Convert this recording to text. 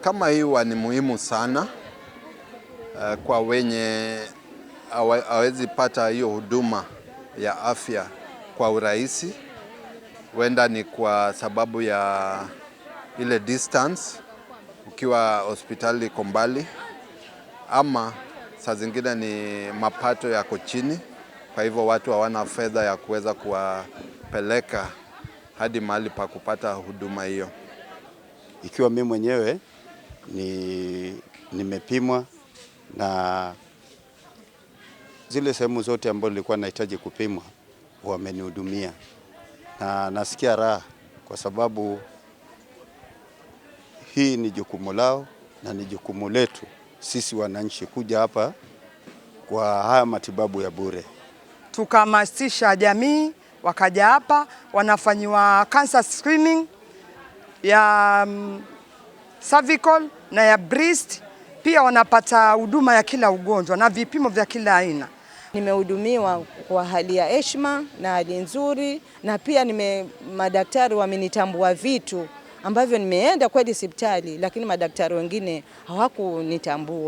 kama hiwa ni muhimu sana uh, kwa wenye awezi pata hiyo huduma ya afya kwa urahisi. Huenda ni kwa sababu ya ile distance, ukiwa hospitali iko mbali, ama saa zingine ni mapato yako chini, kwa hivyo watu hawana fedha ya kuweza kuwapeleka hadi mahali pa kupata huduma hiyo ikiwa mimi mwenyewe ni nimepimwa na zile sehemu zote ambazo nilikuwa nahitaji kupimwa wamenihudumia, na nasikia raha kwa sababu hii ni jukumu lao na ni jukumu letu sisi wananchi kuja hapa kwa haya matibabu ya bure. Tukahamasisha jamii wakaja hapa wanafanyiwa cancer screening ya um, cervical na ya breast. Pia wanapata huduma ya kila ugonjwa na vipimo vya kila aina. Nimehudumiwa kwa hali ya heshima na hali nzuri, na pia nime madaktari wamenitambua vitu ambavyo nimeenda kweli hospitali, lakini madaktari wengine hawakunitambua.